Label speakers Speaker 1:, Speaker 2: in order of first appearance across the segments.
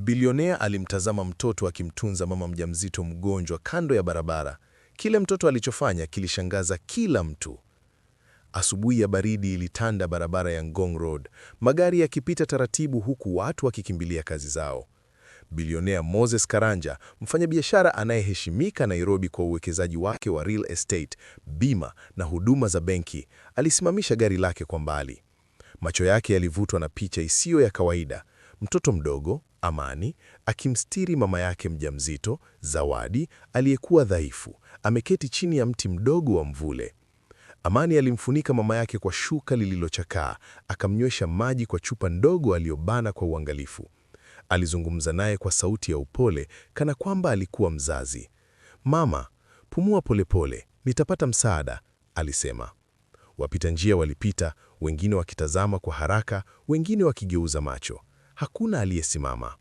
Speaker 1: Bilionea alimtazama mtoto akimtunza mama mjamzito mgonjwa kando ya barabara. Kile mtoto alichofanya kilishangaza kila mtu. Asubuhi ya baridi ilitanda barabara ya Ngong Road, magari yakipita taratibu, huku watu wakikimbilia kazi zao. Bilionea Moses Karanja, mfanyabiashara anayeheshimika Nairobi kwa uwekezaji wake wa real estate, bima na huduma za benki, alisimamisha gari lake kwa mbali. Macho yake yalivutwa na picha isiyo ya kawaida mtoto mdogo Amani akimstiri mama yake mjamzito Zawadi aliyekuwa dhaifu, ameketi chini ya mti mdogo wa mvule. Amani alimfunika mama yake kwa shuka lililochakaa, akamnywesha maji kwa chupa ndogo aliyobana kwa uangalifu. Alizungumza naye kwa sauti ya upole kana kwamba alikuwa mzazi. Mama, pumua polepole pole, nitapata msaada, alisema. Wapita njia walipita, wengine wakitazama kwa haraka, wengine wakigeuza macho hakuna aliyesimama.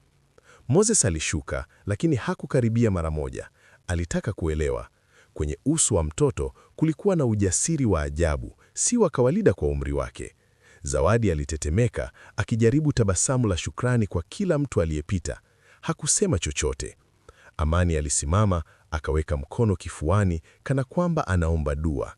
Speaker 1: Moses alishuka, lakini hakukaribia mara moja. Alitaka kuelewa. Kwenye uso wa mtoto kulikuwa na ujasiri wa ajabu, si wa kawaida kwa umri wake. Zawadi alitetemeka, akijaribu tabasamu la shukrani kwa kila mtu aliyepita. Hakusema chochote. Amani alisimama, akaweka mkono kifuani, kana kwamba anaomba dua.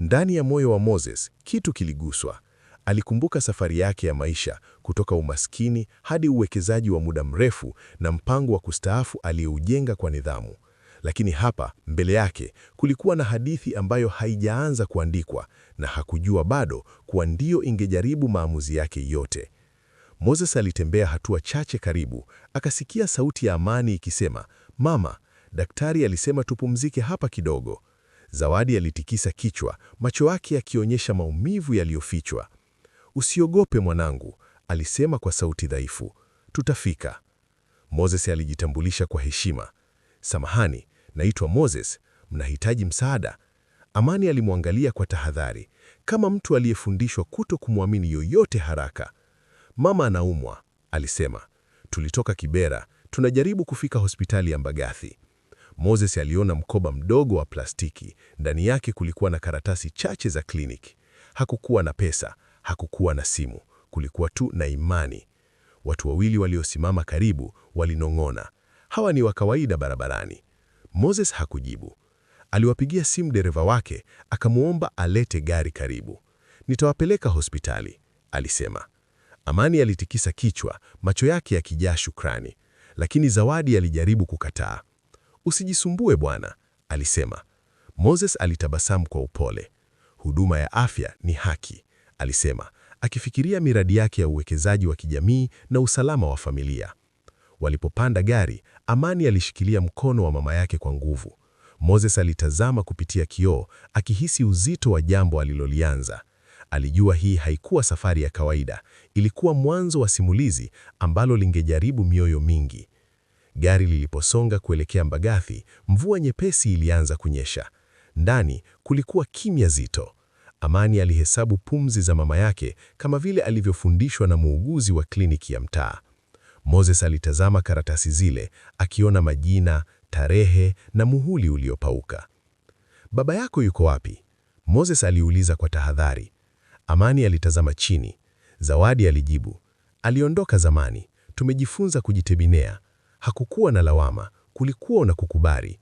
Speaker 1: Ndani ya moyo wa Moses kitu kiliguswa. Alikumbuka safari yake ya maisha kutoka umaskini hadi uwekezaji wa muda mrefu na mpango wa kustaafu aliyoujenga kwa nidhamu. Lakini hapa mbele yake kulikuwa na hadithi ambayo haijaanza kuandikwa na hakujua bado kuwa ndiyo ingejaribu maamuzi yake yote. Moses alitembea hatua chache karibu, akasikia sauti ya amani ikisema, "Mama, daktari alisema tupumzike hapa kidogo." Zawadi alitikisa kichwa, macho yake yakionyesha maumivu yaliyofichwa. Usiogope mwanangu, alisema kwa sauti dhaifu, tutafika. Moses alijitambulisha kwa heshima. Samahani, naitwa Moses, mnahitaji msaada? Amani alimwangalia kwa tahadhari, kama mtu aliyefundishwa kuto kumwamini yoyote haraka. Mama anaumwa, alisema. Tulitoka Kibera, tunajaribu kufika hospitali ya Mbagathi. Moses aliona mkoba mdogo wa plastiki. Ndani yake kulikuwa na karatasi chache za kliniki. Hakukuwa na pesa, Hakukuwa na simu, kulikuwa tu na imani. Watu wawili waliosimama karibu walinong'ona, hawa ni wa kawaida barabarani. Moses hakujibu. Aliwapigia simu dereva wake, akamwomba alete gari karibu. Nitawapeleka hospitali, alisema. Amani alitikisa kichwa, macho yake yakijaa shukrani, lakini Zawadi alijaribu kukataa. Usijisumbue bwana, alisema. Moses alitabasamu kwa upole. Huduma ya afya ni haki alisema, akifikiria miradi yake ya uwekezaji wa kijamii na usalama wa familia. Walipopanda gari, Amani alishikilia mkono wa mama yake kwa nguvu. Moses alitazama kupitia kioo, akihisi uzito wa jambo alilolianza. Alijua hii haikuwa safari ya kawaida, ilikuwa mwanzo wa simulizi ambalo lingejaribu mioyo mingi. Gari liliposonga kuelekea Mbagathi, mvua nyepesi ilianza kunyesha. Ndani kulikuwa kimya zito. Amani alihesabu pumzi za mama yake kama vile alivyofundishwa na muuguzi wa kliniki ya mtaa. Moses alitazama karatasi zile akiona majina, tarehe na muhuri uliopauka. Baba yako yuko wapi? Moses aliuliza kwa tahadhari. Amani alitazama chini. Zawadi alijibu, aliondoka zamani, tumejifunza kujitegemea. Hakukuwa na lawama, kulikuwa na kukubali.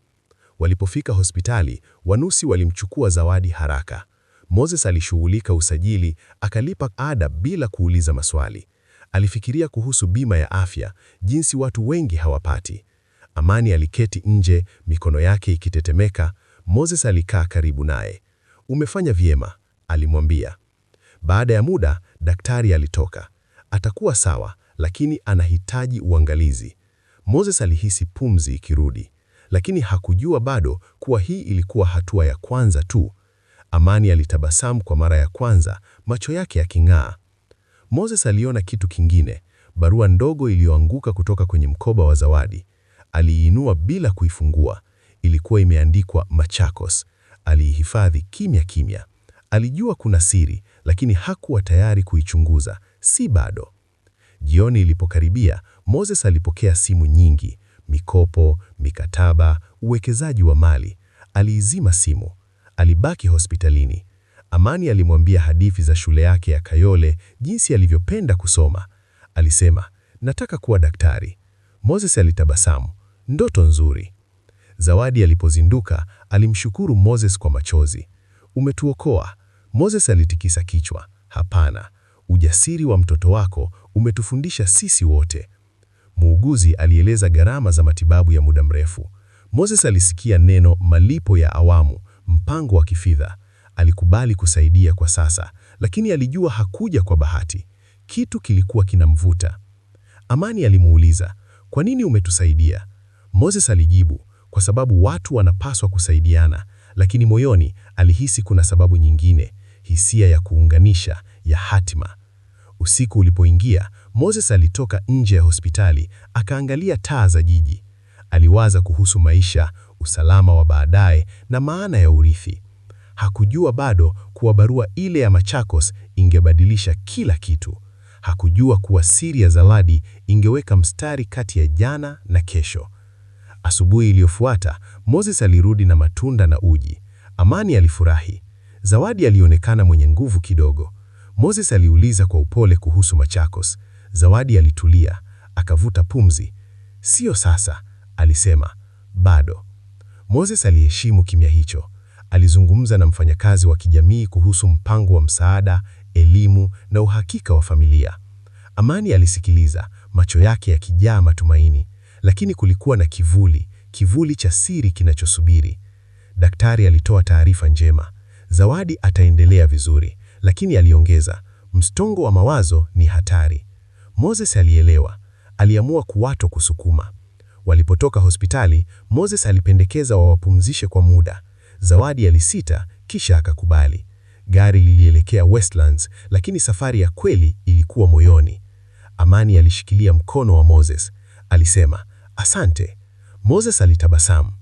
Speaker 1: Walipofika hospitali, wanusi walimchukua Zawadi haraka. Moses alishughulika usajili, akalipa ada bila kuuliza maswali. Alifikiria kuhusu bima ya afya, jinsi watu wengi hawapati. Amani aliketi nje, mikono yake ikitetemeka. Moses alikaa karibu naye. Umefanya vyema, alimwambia. Baada ya muda, daktari alitoka. Atakuwa sawa, lakini anahitaji uangalizi. Moses alihisi pumzi ikirudi, lakini hakujua bado kuwa hii ilikuwa hatua ya kwanza tu. Amani alitabasamu kwa mara ya kwanza, macho yake yaking'aa. Moses aliona kitu kingine, barua ndogo iliyoanguka kutoka kwenye mkoba wa Zawadi. Aliinua bila kuifungua. Ilikuwa imeandikwa Machakos. Aliihifadhi kimya kimya. Alijua kuna siri, lakini hakuwa tayari kuichunguza, si bado. Jioni ilipokaribia, Moses alipokea simu nyingi, mikopo, mikataba, uwekezaji wa mali. Aliizima simu. Alibaki hospitalini. Amani alimwambia hadithi za shule yake ya Kayole, jinsi alivyopenda kusoma. Alisema, nataka kuwa daktari. Moses alitabasamu, ndoto nzuri. Zawadi alipozinduka alimshukuru Moses kwa machozi. Umetuokoa. Moses alitikisa kichwa, hapana, ujasiri wa mtoto wako umetufundisha sisi wote. Muuguzi alieleza gharama za matibabu ya muda mrefu. Moses alisikia neno malipo ya awamu Mpango wa kifedha. Alikubali kusaidia kwa sasa, lakini alijua hakuja kwa bahati. Kitu kilikuwa kinamvuta. Amani alimuuliza, "Kwa nini umetusaidia?" Moses alijibu, "Kwa sababu watu wanapaswa kusaidiana." Lakini moyoni alihisi kuna sababu nyingine, hisia ya kuunganisha, ya hatima. Usiku ulipoingia, Moses alitoka nje ya hospitali, akaangalia taa za jiji. Aliwaza kuhusu maisha, usalama wa baadaye na maana ya urithi. Hakujua bado kuwa barua ile ya Machakos ingebadilisha kila kitu. Hakujua kuwa siri ya Zaladi ingeweka mstari kati ya jana na kesho. Asubuhi iliyofuata, Moses alirudi na matunda na uji. Amani alifurahi. Zawadi alionekana mwenye nguvu kidogo. Moses aliuliza kwa upole kuhusu Machakos. Zawadi alitulia, akavuta pumzi. Sio sasa, alisema, bado. Moses aliheshimu kimya hicho. Alizungumza na mfanyakazi wa kijamii kuhusu mpango wa msaada, elimu na uhakika wa familia. Amani alisikiliza, macho yake yakijaa matumaini, lakini kulikuwa na kivuli, kivuli cha siri kinachosubiri. Daktari alitoa taarifa njema, Zawadi ataendelea vizuri, lakini aliongeza, msongo wa mawazo ni hatari. Moses alielewa, aliamua kuwato kusukuma. Walipotoka hospitali, Moses alipendekeza wawapumzishe kwa muda. Zawadi alisita, kisha akakubali. Gari lilielekea Westlands, lakini safari ya kweli ilikuwa moyoni. Amani alishikilia mkono wa Moses. Alisema, "Asante." Moses alitabasamu.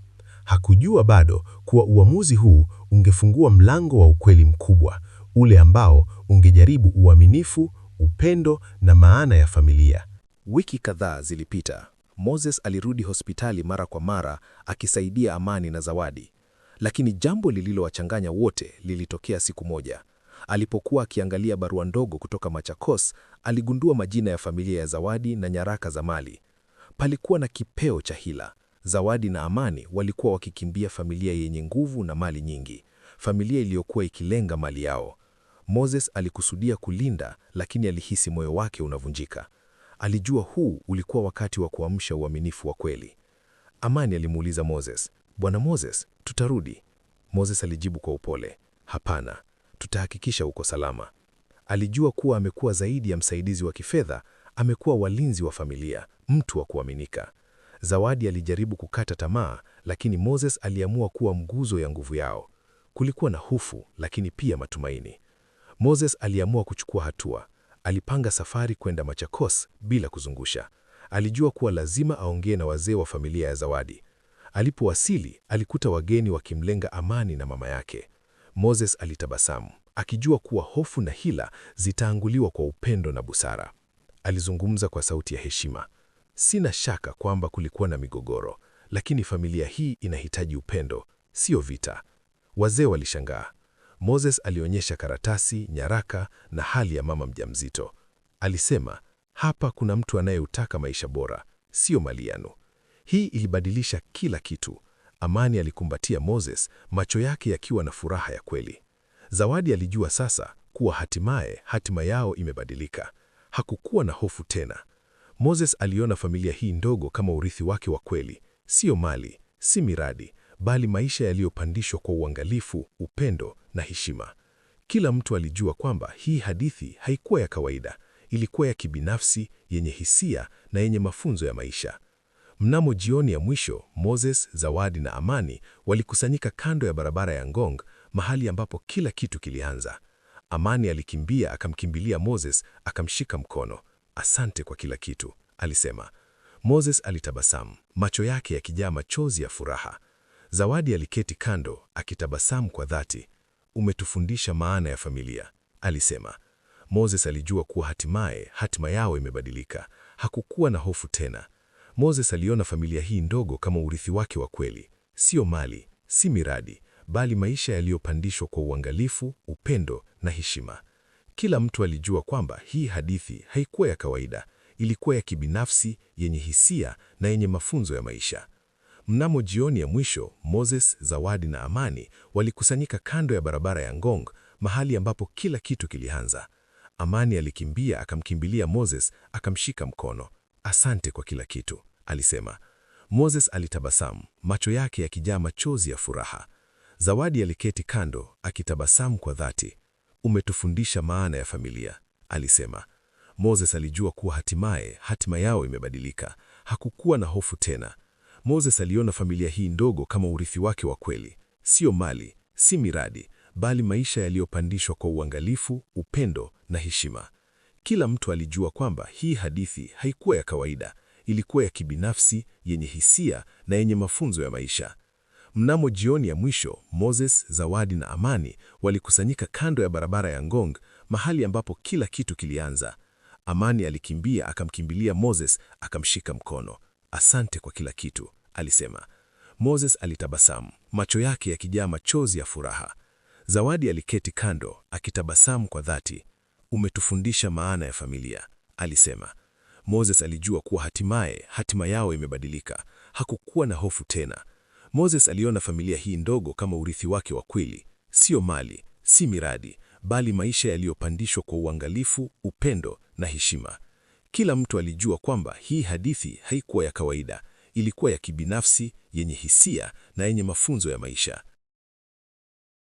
Speaker 1: Hakujua bado kuwa uamuzi huu ungefungua mlango wa ukweli mkubwa, ule ambao ungejaribu uaminifu, upendo na maana ya familia. Wiki kadhaa zilipita. Moses alirudi hospitali mara kwa mara akisaidia Amani na Zawadi. Lakini jambo lililowachanganya wote lilitokea siku moja. Alipokuwa akiangalia barua ndogo kutoka Machakos, aligundua majina ya familia ya Zawadi na nyaraka za mali. Palikuwa na kipeo cha hila. Zawadi na Amani walikuwa wakikimbia familia yenye nguvu na mali nyingi, familia iliyokuwa ikilenga mali yao. Moses alikusudia kulinda, lakini alihisi moyo wake unavunjika. Alijua huu ulikuwa wakati wa kuamsha uaminifu wa kweli. Amani alimuuliza Moses, Bwana Moses, tutarudi? Moses alijibu kwa upole, hapana, tutahakikisha uko salama. Alijua kuwa amekuwa zaidi ya msaidizi wa kifedha, amekuwa walinzi wa familia, mtu wa kuaminika. Zawadi alijaribu kukata tamaa, lakini Moses aliamua kuwa nguzo ya nguvu yao. Kulikuwa na hofu, lakini pia matumaini. Moses aliamua kuchukua hatua. Alipanga safari kwenda Machakos bila kuzungusha. Alijua kuwa lazima aongee na wazee wa familia ya Zawadi. Alipowasili, alikuta wageni wakimlenga Amani na mama yake. Moses alitabasamu, akijua kuwa hofu na hila zitaanguliwa kwa upendo na busara. Alizungumza kwa sauti ya heshima. Sina shaka kwamba kulikuwa na migogoro, lakini familia hii inahitaji upendo, sio vita. Wazee walishangaa, Moses alionyesha karatasi, nyaraka na hali ya mama mjamzito. Alisema, hapa kuna mtu anayeutaka maisha bora, sio mali yenu. Hii ilibadilisha kila kitu. Amani alikumbatia Moses, macho yake yakiwa na furaha ya kweli. Zawadi alijua sasa kuwa hatimaye hatima yao imebadilika. Hakukuwa na hofu tena. Moses aliona familia hii ndogo kama urithi wake wa kweli, sio mali, si miradi, bali maisha yaliyopandishwa kwa uangalifu, upendo na heshima. Kila mtu alijua kwamba hii hadithi haikuwa ya kawaida, ilikuwa ya kibinafsi, yenye hisia na yenye mafunzo ya maisha. Mnamo jioni ya mwisho, Moses, Zawadi na Amani walikusanyika kando ya barabara ya Ngong, mahali ambapo kila kitu kilianza. Amani alikimbia akamkimbilia Moses, akamshika mkono. Asante kwa kila kitu, alisema. Moses alitabasamu, macho yake yakijaa machozi ya furaha. Zawadi aliketi kando akitabasamu kwa dhati. Umetufundisha maana ya familia, alisema. Moses alijua kuwa hatimaye hatima yao imebadilika. Hakukuwa na hofu tena. Moses aliona familia hii ndogo kama urithi wake wa kweli, sio mali, si miradi, bali maisha yaliyopandishwa kwa uangalifu, upendo na heshima. Kila mtu alijua kwamba hii hadithi haikuwa ya kawaida, ilikuwa ya kibinafsi, yenye hisia na yenye mafunzo ya maisha. Mnamo jioni ya mwisho, Moses, Zawadi na Amani walikusanyika kando ya barabara ya Ngong, mahali ambapo kila kitu kilianza. Amani alikimbia akamkimbilia Moses, akamshika mkono. Asante kwa kila kitu, alisema. Moses alitabasamu, macho yake yakijaa machozi ya furaha. Zawadi aliketi kando akitabasamu kwa dhati. Umetufundisha maana ya familia, alisema. Moses alijua kuwa hatimaye hatima yao imebadilika. Hakukuwa na hofu tena. Moses aliona familia hii ndogo kama urithi wake wa kweli, sio mali, si miradi, bali maisha yaliyopandishwa kwa uangalifu, upendo na heshima. Kila mtu alijua kwamba hii hadithi haikuwa ya kawaida, ilikuwa ya kibinafsi, yenye hisia na yenye mafunzo ya maisha. Mnamo jioni ya mwisho, Moses, Zawadi na Amani walikusanyika kando ya barabara ya Ngong, mahali ambapo kila kitu kilianza. Amani alikimbia akamkimbilia Moses, akamshika mkono. Asante kwa kila kitu, alisema. Moses alitabasamu, macho yake yakijaa machozi ya furaha. Zawadi aliketi kando, akitabasamu kwa dhati. Umetufundisha maana ya familia, alisema. Moses alijua kuwa hatimaye hatima yao imebadilika. Hakukuwa na hofu tena. Moses aliona familia hii ndogo kama urithi wake wa kweli, sio mali, si miradi, bali maisha yaliyopandishwa kwa uangalifu, upendo na heshima. Kila mtu alijua kwamba hii hadithi haikuwa ya kawaida, ilikuwa ya kibinafsi, yenye hisia na yenye mafunzo ya maisha.